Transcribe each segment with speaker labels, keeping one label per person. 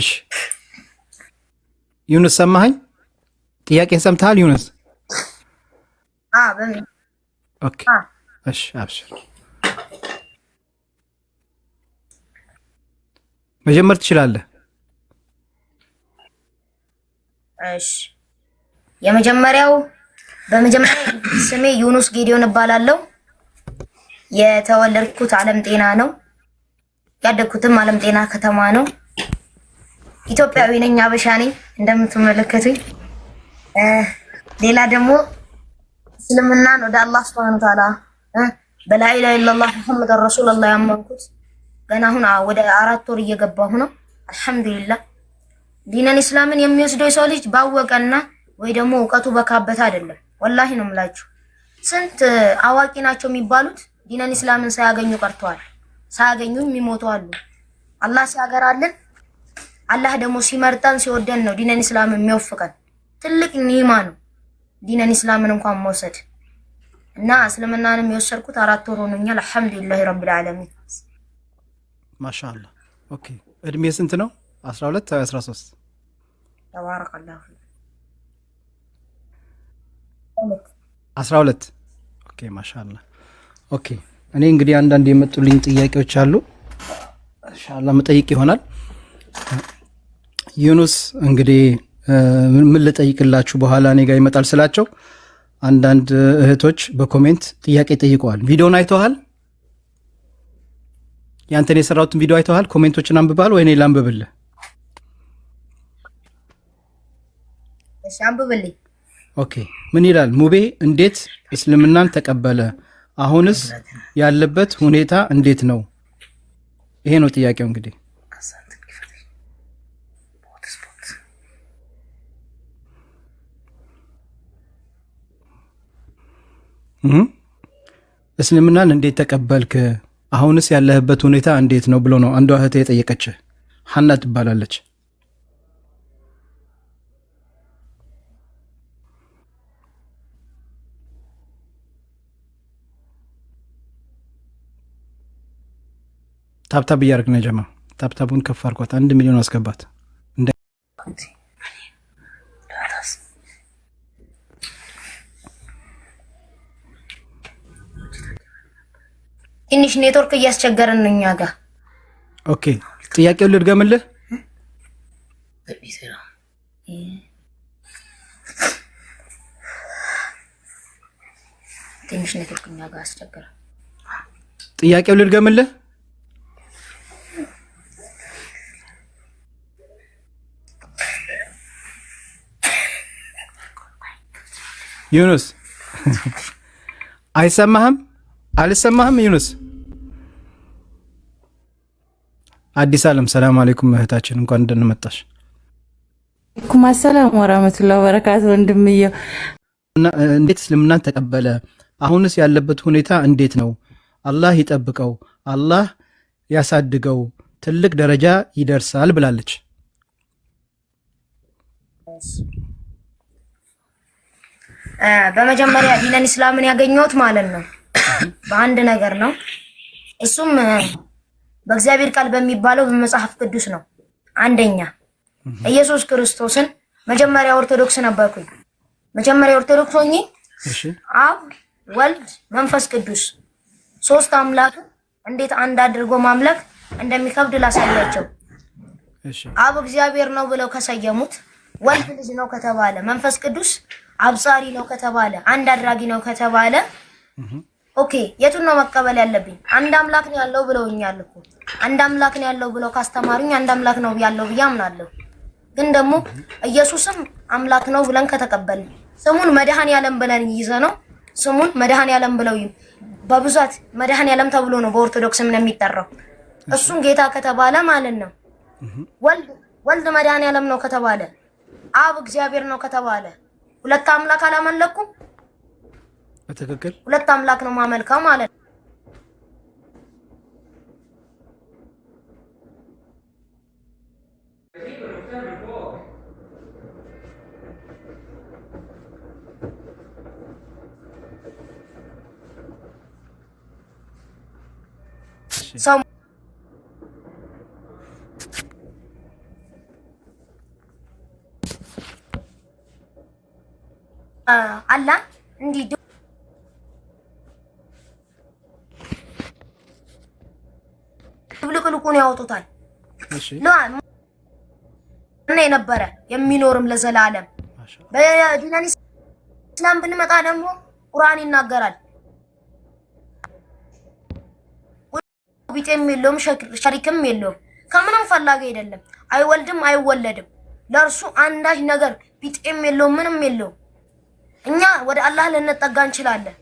Speaker 1: እሺ ዩኑስ ሰማኸኝ? ጥያቄን ሰምተሃል ዩኑስ? መጀመር ትችላለህ።
Speaker 2: የመጀመሪያው በመጀመሪያ ስሜ ዩኑስ ጌዲዮን እባላለሁ። የተወለድኩት አለም ጤና ነው። ያደግኩትም አለም ጤና ከተማ ነው። ኢትዮጵያዊ ነኝ፣ አበሻ ነኝ እንደምትመለከቱኝ። ሌላ ደግሞ እስልምናን ወደ አላህ ስብሃነ ወተዓላ በላኢላ ኢላላህ ሙሐመድ ረሱልላህ ያመንኩት ገና አሁን ወደ አራት ወር እየገባሁ ነው። አልሐምዱሊላህ ዲነን እስላምን የሚወስደው የሰው ልጅ ባወቀና ወይ ደግሞ እውቀቱ በካበት አይደለም። ወላሂ ነው የምላችሁ። ስንት አዋቂ ናቸው የሚባሉት ዲነን እስላምን ሳያገኙ ቀርተዋል። ሳያገኙም አሉ። አላህ ሲያገራልን አላህ ደግሞ ሲመርጠን ሲወደን ነው ዲነን ኢስላም የሚወፍቀን። ትልቅ ኒማ ነው ዲነን ኢስላምን እንኳን መውሰድ እና እስልምናንም የወሰድኩት አራት ወር ሆኖኛል። አልሐምዱሊላህ ረብል ዓለሚን።
Speaker 1: ማሻአላ። ኦኬ እድሜ ስንት ነው? 12 ወይ 13?
Speaker 2: ተባረከላሁ። 12
Speaker 1: ኦኬ። ማሻአላ። ኦኬ እኔ እንግዲህ አንዳንድ የመጡልኝ ጥያቄዎች አሉ። ኢንሻአላህ መጠይቅ ይሆናል። ዩኑስ እንግዲህ ምን ልጠይቅላችሁ በኋላ እኔ ጋር ይመጣል ስላቸው አንዳንድ እህቶች በኮሜንት ጥያቄ ጠይቀዋል። ቪዲዮን አይተዋል? ያንተን የሰራሁትን ቪዲዮ አይተዋል? ኮሜንቶችን አንብባል ወይ? እኔ ላንብብልህ? አንብብልኝ። ኦኬ ምን ይላል? ሙቤ እንዴት እስልምናን ተቀበለ? አሁንስ ያለበት ሁኔታ እንዴት ነው? ይሄ ነው ጥያቄው እንግዲህ እስልምናን እንዴት ተቀበልክ? አሁንስ ያለህበት ሁኔታ እንዴት ነው ብሎ ነው አንዷ እህቴ የጠየቀችህ። ሀና ትባላለች። ታብታብ እያደረግን ጀማ ታብታቡን ከፍ አድርጓት፣ አንድ ሚሊዮን አስገባት።
Speaker 2: ትንሽ ኔትወርክ እያስቸገረን ነው እኛ ጋር።
Speaker 1: ኦኬ ጥያቄውን ልድገምልህ።
Speaker 2: ትንሽ ኔትወርክ እኛ ጋር አስቸገረ።
Speaker 1: ጥያቄውን ልድገምልህ። ዩኑስ አይሰማህም? አልሰማህም ዩኑስ? አዲስ አለም ሰላም አለይኩም እህታችን፣ እንኳን እንደነመጣሽ
Speaker 2: መጣሽ። አሰላም ወበረካቱ። ወንድምየው
Speaker 1: እንዴት እስልምናን ተቀበለ? አሁንስ ያለበት ሁኔታ እንዴት ነው? አላህ ይጠብቀው፣ አላህ ያሳድገው፣ ትልቅ ደረጃ ይደርሳል ብላለች።
Speaker 2: በመጀመሪያ ዲነን እስላምን ያገኘሁት ማለት ነው በአንድ ነገር ነው። እሱም በእግዚአብሔር ቃል በሚባለው በመጽሐፍ ቅዱስ ነው። አንደኛ ኢየሱስ ክርስቶስን መጀመሪያ ኦርቶዶክስ ነበርኩኝ። መጀመሪያ ኦርቶዶክስ ሆኜ አብ፣ ወልድ፣ መንፈስ ቅዱስ ሶስት አምላክ እንዴት አንድ አድርጎ ማምለክ እንደሚከብድ ላሳያቸው። አብ እግዚአብሔር ነው ብለው ከሰየሙት፣ ወልድ ልጅ ነው ከተባለ፣ መንፈስ ቅዱስ አብጻሪ ነው ከተባለ፣ አንድ አድራጊ ነው ከተባለ ኦኬ የቱን ነው መቀበል ያለብኝ? አንድ አምላክ ነው ያለው ብለውኛል እኮ። አንድ አምላክ ነው ያለው ብለው ካስተማሩኝ አንድ አምላክ ነው ያለው ብዬ አምናለሁ። ግን ደግሞ ኢየሱስም አምላክ ነው ብለን ከተቀበልን ስሙን መድኃኔ ዓለም ብለን ይዘ ነው ስሙን መድኃኔ ብለው በብዛት መድኃኔ ተብሎ ነው በኦርቶዶክስ እምነት የሚጠራው። እሱን ጌታ ከተባለ ማለት ነው ወልድ ወልድ መድኃኔ ነው ከተባለ አብ እግዚአብሔር ነው ከተባለ ሁለት አምላክ አላመለኩም። በትክክል ሁለት አምላክ ነው ማመልከው ማለት ነው። ሰው አላ እንዲህ ድብልቅልቁን ያወጡታል እና የነበረ የሚኖርም ለዘላለም። በዲናን ኢስላም ብንመጣ ደግሞ ቁርአን ይናገራል። ቢጤም የለውም ሸሪክም የለውም። ከምንም ፈላጊ አይደለም። አይወልድም አይወለድም። ለእርሱ አንዳች ነገር ቢጤም የለውም ምንም የለውም። እኛ ወደ አላህ ልንጠጋ እንችላለን።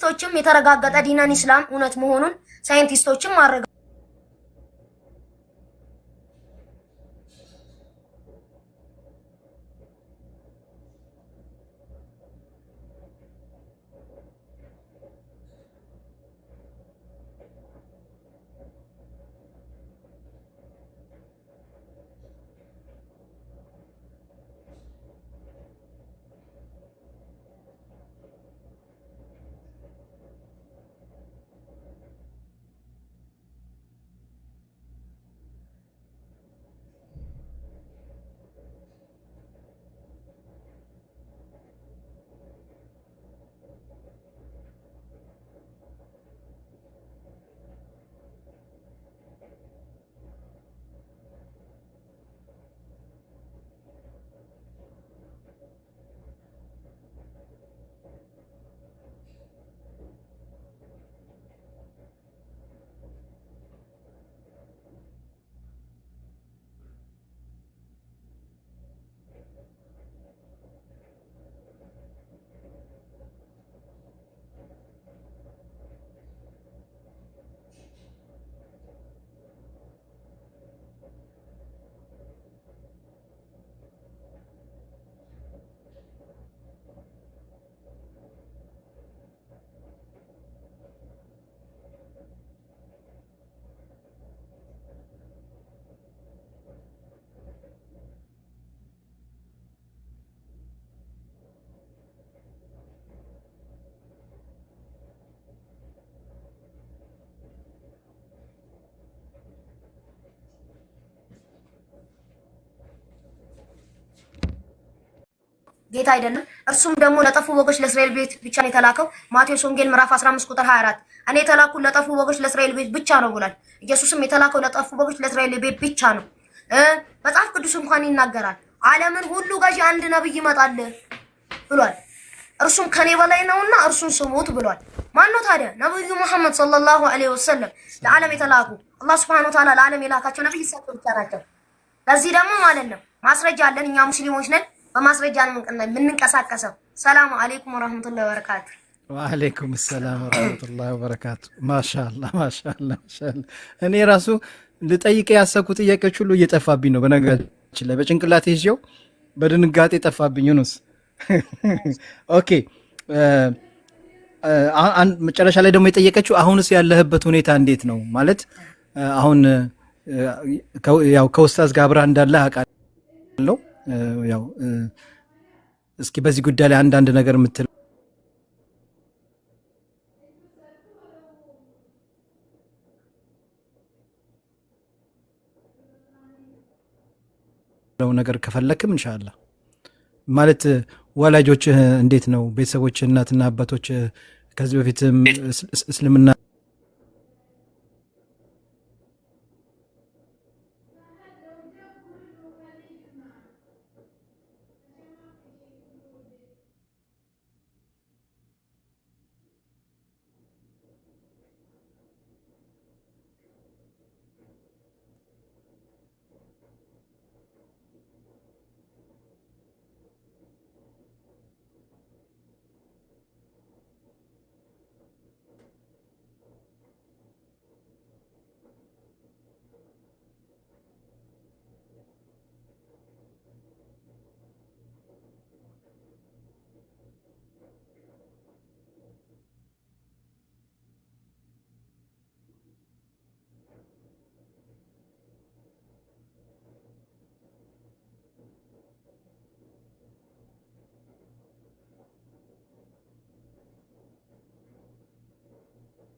Speaker 2: ሳይንቲስቶችም የተረጋገጠ ዲነን ኢስላም እውነት መሆኑን ሳይንቲስቶችም አረጋግጠዋል። ጌታ አይደለም። እርሱም ደግሞ ለጠፉ ወገኖች ለእስራኤል ቤት ብቻ ነው የተላከው። ማቴዎስ ወንጌል ምዕራፍ 15 ቁጥር 24 እኔ የተላኩት ለጠፉ ወገኖች ለእስራኤል ቤት ብቻ ነው ብሏል። ኢየሱስም የተላከው ለጠፉ ወገኖች ለእስራኤል ቤት ብቻ ነው። መጽሐፍ ቅዱስ እንኳን ይናገራል። ዓለምን ሁሉ ገዢ አንድ ነብይ ይመጣል ብሏል። እርሱም ከኔ በላይ ነውና እርሱን ስሙት ብሏል። ማን ነው ታዲያ? ነብዩ መሐመድ ሰለላሁ ዐለይሂ ወሰለም ለዓለም የተላኩ አላህ ሱብሐነሁ ወተዓላ ለዓለም የላካቸው ነብይ ብቻ ናቸው። ለዚህ ደግሞ ማለት ነው ማስረጃ አለን። እኛ ሙስሊሞች ነን። በማስረጃ ነው የምንንቀሳቀሰው። ሰላሙ አሌይኩም ወረህመቱላሂ ወበረካቱ።
Speaker 1: ወአሌይኩም ሰላም ወረህመቱላሂ ወበረካቱ። ማሻላ ማሻላ ማሻላ። እኔ ራሱ ልጠይቅ ያሰብኩ ጥያቄዎች ሁሉ እየጠፋብኝ ነው። በነገራችን ላይ በጭንቅላት ይዤው በድንጋጤ ጠፋብኝ። ዩኑስ ኦኬ። መጨረሻ ላይ ደግሞ የጠየቀችው አሁንስ ያለህበት ሁኔታ እንዴት ነው ማለት አሁን ያው ከውስታዝ ጋር አብረህ እንዳለህ አውቃለሁ ያው እስኪ በዚህ ጉዳይ ላይ አንዳንድ ነገር የምትል ነገር ከፈለክም እንሻላ ማለት ወላጆችህ እንዴት ነው ቤተሰቦች እናትና አባቶች ከዚህ በፊትም እስልምና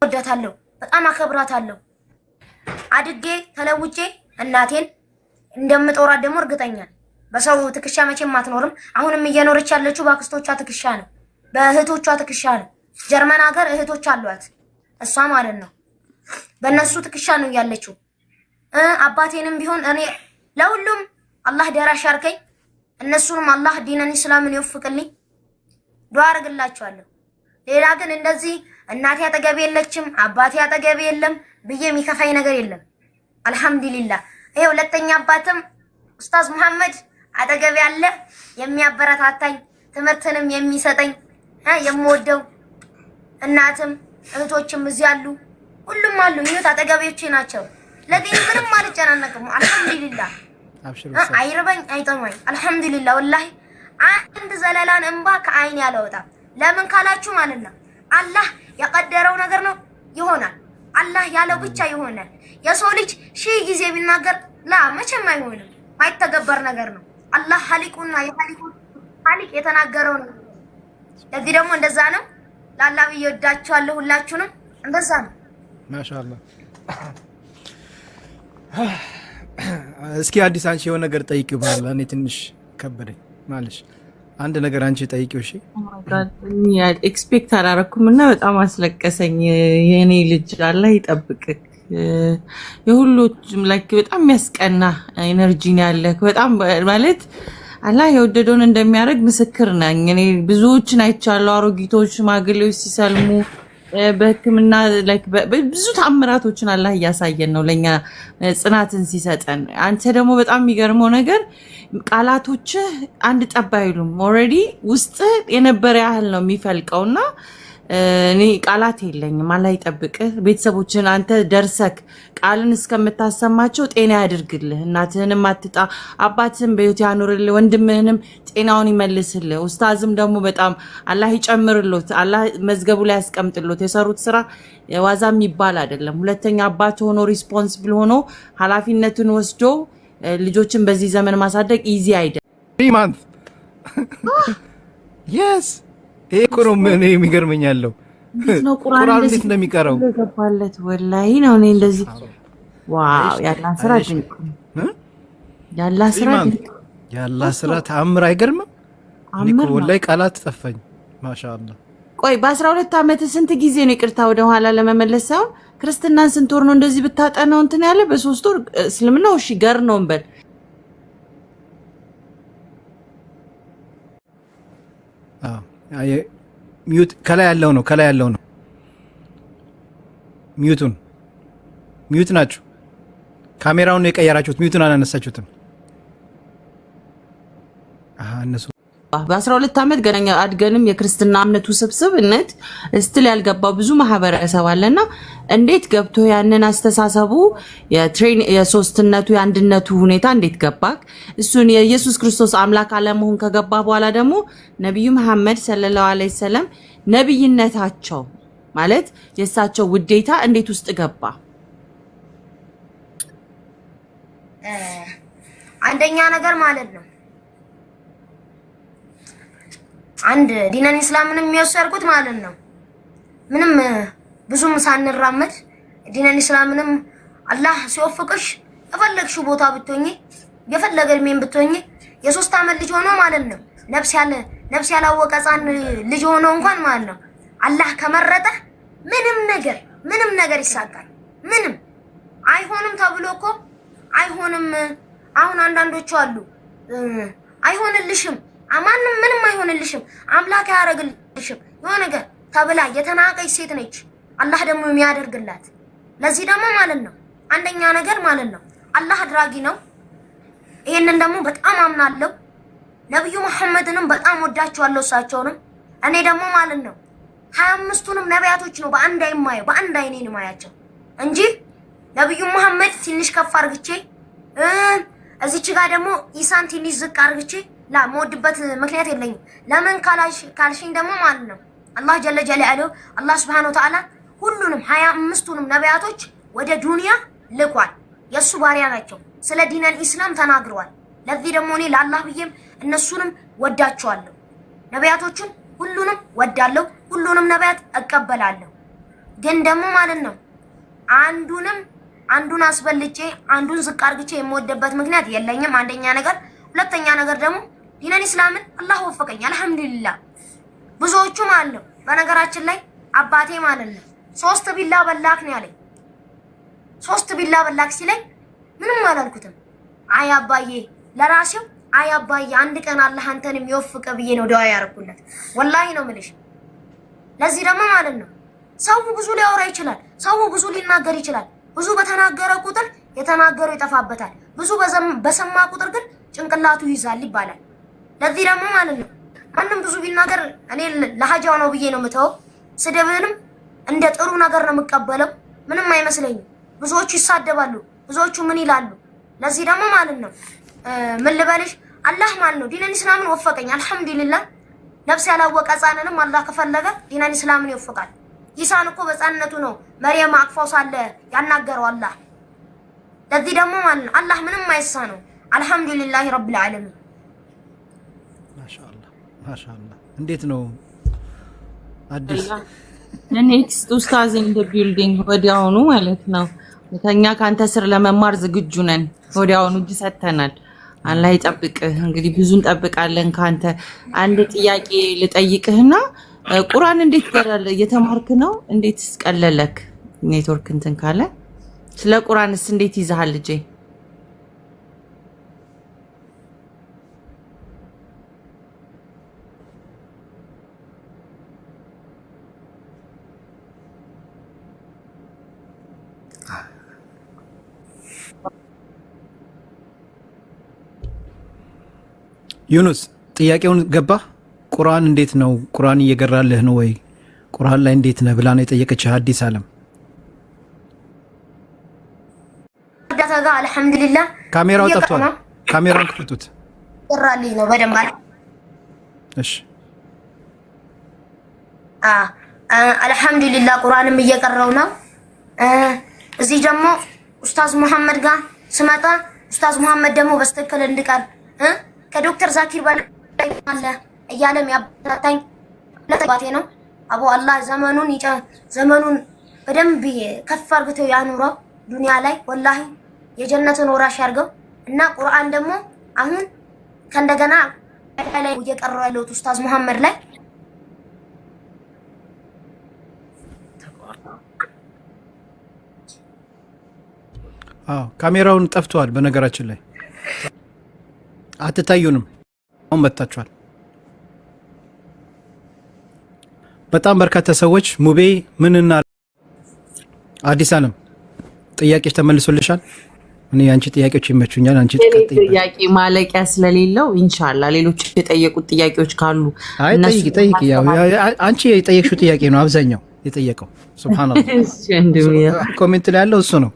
Speaker 1: ወዳታለሁ፣ በጣም አከብራታለሁ። አድጌ ተለውጬ እናቴን እንደምጦራት ደግሞ እርግጠኛ በሰው ትከሻ መቼም አትኖርም። አሁንም እየኖረች ያለችው በአክስቶቿ ትከሻ ነው፣ በእህቶቿ ትከሻ ነው። ጀርመን ሀገር እህቶች አሏት እሷ ማለት ነው። በእነሱ ትከሻ ነው ያለችው። አባቴንም ቢሆን እኔ ለሁሉም አላህ ደራሽ አርከኝ። እነሱንም አላህ ዲነን ኢስላምን ይወፍቅልኝ። ዱዓ አደርግላችኋለሁ። ሌላ ግን እንደዚህ እናቴ አጠገብ የለችም፣ አባቴ አጠገብ የለም ብዬ የሚከፋኝ ነገር የለም። አልሐምዱሊላ ይሄ ሁለተኛ አባትም ኡስታዝ መሐመድ አጠገብ ያለ የሚያበረታታኝ ትምህርትንም የሚሰጠኝ የምወደው እናትም እህቶችም እዚህ አሉ፣ ሁሉም አሉ። ይሁት አጠገቤዎቼ ናቸው። ለዚህ ምንም አልጨናነቅም። አልሐምዱሊላህ። አይርበኝ፣ አይጠማኝ። አልሐምዱሊላህ። ወላሂ አንድ ዘለላን እንባ ከአይን ያለወጣ ለምን ካላችሁ ማለት ነው አላህ የቀደረው ነገር ነው ይሆናል። አላህ ያለው ብቻ ይሆናል። የሰው ልጅ ሺህ ጊዜ ቢናገር ላ መቼም አይሆንም፣ ማይተገበር ነገር ነው። አላህ ሀሊቁና የሀሊቁ ሀሊቅ የተናገረው ነው። ለዚህ ደግሞ እንደዛ ነው። ለአላህ ብዬ ወዳችኋለሁ ሁላችሁንም። እንደዛ ነው። ማሻአላህ እስኪ አዲስ አንቺ የሆነ ነገር ጠይቅ ባላ እኔ ትንሽ ከበደኝ ማለሽ አንድ ነገር አንቺ ጠይቂው። እሺ ኤክስፔክት oh አላረኩም እና በጣም አስለቀሰኝ። የእኔ ልጅ አለ ይጠብቅ። የሁሎችም ላይ በጣም የሚያስቀና ኤነርጂን ያለ። በጣም ማለት አላህ የወደደውን እንደሚያደርግ ምስክር ነኝ። እኔ ብዙዎችን አይቻለሁ፣ አሮጊቶች፣ ሽማግሌዎች ሲሰልሙ በሕክምና ብዙ ተአምራቶችን አላህ እያሳየን ነው ለእኛ ጽናትን ሲሰጠን። አንተ ደግሞ በጣም የሚገርመው ነገር ቃላቶችህ አንድ ጠብ አይሉም። ኦልሬዲ ውስጥህ የነበረ ያህል ነው የሚፈልቀው እና እኔ ቃላት የለኝም። አላህ ይጠብቅህ። ቤተሰቦችን አንተ ደርሰክ ቃልን እስከምታሰማቸው ጤና ያድርግልህ። እናትህንም አትጣ፣ አባትህን በሕይወት ያኑርልህ፣ ወንድምህንም ጤናውን ይመልስልህ። ኡስታዝም ደግሞ በጣም አላህ ይጨምርሎት፣ አላህ መዝገቡ ላይ ያስቀምጥሎት። የሰሩት ስራ ዋዛም ይባል አይደለም። ሁለተኛ አባት ሆኖ ሪስፖንስብል ሆኖ ኃላፊነቱን ወስዶ ልጆችን በዚህ ዘመን ማሳደግ ኢዚ አይደል። ማንት የስ ይሄ እኮ ነው ምን የሚገርመኝ ያለው ቁርአን እንዴት እንደሚቀረው ገባለት። ወላሂ ነው እኔ እንደዚህ ዋው! ያላ ስራ ድንቅ፣ ያላ ስራ ድንቅ፣ ያላ ስራ ተአምር አይገርምም። ወላሂ ቃላት ጠፋኝ። ማሻአላህ ቆይ በ12 ዓመት ስንት ጊዜ ነው ይቅርታ ወደኋላ ለመመለስ ሳይሆን ክርስትናን ስንት ወር ነው እንደዚህ ብታጠናው እንትን ያለ በሶስት ወር እስልምናው እሺ ገር ነው እንበል ሚዩት ከላይ ያለው ነው ከላይ ያለው ነው ሚዩቱን ሚዩት ናችሁ ካሜራውን የቀየራችሁት ሚዩቱን አላነሳችሁትም እነሱ በ12 ዓመት ገነኛ አድገንም የክርስትና እምነቱ ስብስብነት ስትል ያልገባው ብዙ ማህበረሰብ አለና እንዴት ገብቶ ያንን አስተሳሰቡ የሶስትነቱ የአንድነቱ ሁኔታ እንዴት ገባክ? እሱን የኢየሱስ ክርስቶስ አምላክ አለመሆን ከገባ በኋላ ደግሞ ነቢዩ መሐመድ ሰለላሁ ዐለይሂ ወሰለም ነቢይነታቸው ማለት የእሳቸው ውዴታ እንዴት ውስጥ ገባ? አንደኛ ነገር ማለት ነው አንድ ዲነን እስላምን የሚወሰርኩት ማለት ነው። ምንም ብዙም ሳንራመድ ዲነን ኢስላምንም አላህ ሲወፍቅሽ የፈለግሽው ቦታ ብትሆኚ የፈለገ እድሜን ብትሆኚ የሶስት ዓመት ልጅ ሆኖ ማለት ነው ነፍስ ያለ ነፍስ ያላወቀ ህፃን ልጅ ሆኖ እንኳን ማለት ነው አላህ ከመረጠ ምንም ነገር ምንም ነገር ይሳካል። ምንም አይሆንም ተብሎ እኮ አይሆንም። አሁን አንዳንዶቹ አሉ አይሆንልሽም ማንም ምንም አይሆንልሽም፣ አምላክ አያደርግልሽም። የሆነ ነገር ተብላ የተናቀች ሴት ነች። አላህ ደግሞ የሚያደርግላት ለዚህ ደግሞ ማለት ነው አንደኛ ነገር ማለት ነው አላህ አድራጊ ነው። ይሄንን ደግሞ በጣም አምናለሁ። ነብዩ መሐመድንም በጣም ወዳቸዋለሁ እሳቸውንም እኔ ደግሞ ማለት ነው ሀያ አምስቱንም ነቢያቶች ነው በአንድ አይን ማየው በአንድ አይኔ ነው ማያቸው እንጂ ነብዩ መሐመድ ትንሽ ከፍ አርግቼ እዚች ጋር ደግሞ ኢሳን ትንሽ ዝቅ አርግቼ የምወድበት ምክንያት የለኝም። ለምን ካልሽኝ ደግሞ ማለት ነው አላህ ጀለ ጀላሉ አላህ ስብሐነሁ ወተዓላ ሁሉንም ሀያ አምስቱንም ነቢያቶች ወደ ዱንያ ልኳል። የእሱ ባሪያ ናቸው። ስለ ዲነል ኢስላም ተናግረዋል። ለዚህ ደግሞ እኔ ለአላህ ብዬም እነሱንም ወዳቸዋለሁ። ነቢያቶቹን ሁሉንም ወዳለሁ፣ ሁሉንም ነቢያት እቀበላለሁ። ግን ደግሞ ማለት ነው አንዱንም አንዱን አስበልጬ አንዱን ዝቅ አድርግቼ የምወደበት ምክንያት የለኝም። አንደኛ ነገር፣ ሁለተኛ ነገር ደግሞ ዲነን እስላምን አላህ ወፈቀኝ አልሐምዱሊላህ። ብዙዎቹም አለው። በነገራችን ላይ አባቴ ማለት ነው ሶስት ቢላ በላክ ነው ያለኝ። ሶስት ቢላ በላክ ሲለኝ ምንም አላልኩትም። አይ አባዬ ለራሴው አይ አባዬ አንድ ቀን አላህ አንተን የሚወፍቀ ብዬ ነው ደዋ ያደረኩለት። ወላሂ ነው ምልሽ። ለዚህ ደግሞ ማለት ነው ሰው ብዙ ሊያወራ ይችላል። ሰው ብዙ ሊናገር ይችላል። ብዙ በተናገረ ቁጥር የተናገረው ይጠፋበታል። ብዙ በሰማ ቁጥር ግን ጭንቅላቱ ይይዛል ይባላል። ለዚህ ደግሞ ማለት ነው ማንም ብዙ ቢናገር እኔ ለሀጃው ነው ብዬ ነው የምተው ስድብንም እንደ ጥሩ ነገር ነው የምቀበለው። ምንም አይመስለኝም። ብዙዎቹ ይሳደባሉ፣ ብዙዎቹ ምን ይላሉ። ለዚህ ደግሞ ማለት ነው ምን ልበልሽ፣ አላህ ማለት ነው ዲነን ኢስላምን ወፈቀኝ። አልሐምዱሊላህ ነፍስ ያላወቀ ህፃንንም አላህ ከፈለገ ዲነን ኢስላምን ይወፈቃል። ይሳን እኮ በህፃንነቱ ነው መርየም አቅፋው ሳለ ያናገረው አላህ። ለዚህ ደግሞ ማለት ነው አላህ ምንም አይሳ ነው። አልሐምዱሊላህ ረብል ዓለሚን ማሻላ እንዴት ነው አዲስ ኔክስት ኡስታዝ ኢን ዘ ቢልዲንግ ወዲያውኑ ማለት ነው። ከኛ ከአንተ ስር ለመማር ዝግጁ ነን። ወዲያውኑ እጅ ሰጥተናል። አላህ ይጠብቅህ። እንግዲህ ብዙ እንጠብቃለን ከአንተ። አንድ ጥያቄ ልጠይቅህና ቁርአን እንዴት ትቀራለህ? እየተማርክ ነው? እንዴት ስቀለለክ ኔትወርክ እንትን ካለ ስለ ቁርአንስ እንዴት ይዛሃል ልጄ? ዩኑስ ጥያቄውን ገባህ? ቁርአን እንዴት ነው? ቁርአን እየገራልህ ነው ወይ? ቁርአን ላይ እንዴት ነህ ብላ ነው የጠየቀች አዲስ አለም ካሜራው ጠፍቷል። ካሜራውን ክፈቱት። ገራልኝ ነው በደንብ እሺ። አልሐምዱሊላህ ቁርአንም እየቀረው ነው። እዚህ ደግሞ ኡስታዝ መሐመድ ጋር ስመጣ ኡስታዝ መሐመድ ደግሞ በስተክል እንድቀር ከዶክተር ዛኪር በላይ አለ እያለ የሚያበረታኝ ለተባቴ ነው። አቦ አላህ ዘመኑን ይጨ ዘመኑን በደንብ ከፍ አርግተው ያኑረው ዱንያ ላይ ወላሂ የጀነትን ወራሽ ያርገው እና ቁርአን ደግሞ አሁን ከእንደገና ላይ እየቀረው ያለው ኡስታዝ መሐመድ ላይ ካሜራውን ጠፍቷል በነገራችን ላይ አትታዩንም። አሁን መጥታችኋል። በጣም በርካታ ሰዎች ሙቤ ምንና አዲስ አለም ጥያቄዎች ተመልሶልሻል። እኔ የአንቺ ጥያቄዎች ይመቹኛል። አንቺ ጥያቄ ማለቂያ ስለሌለው ኢንሻላ ሌሎች የጠየቁት ጥያቄዎች ካሉ ጠይቂ። አንቺ የጠየቅሽው ጥያቄ ነው አብዛኛው የጠየቀው። ሱብሃነላህ ኮሜንት ላይ ያለው እሱ ነው።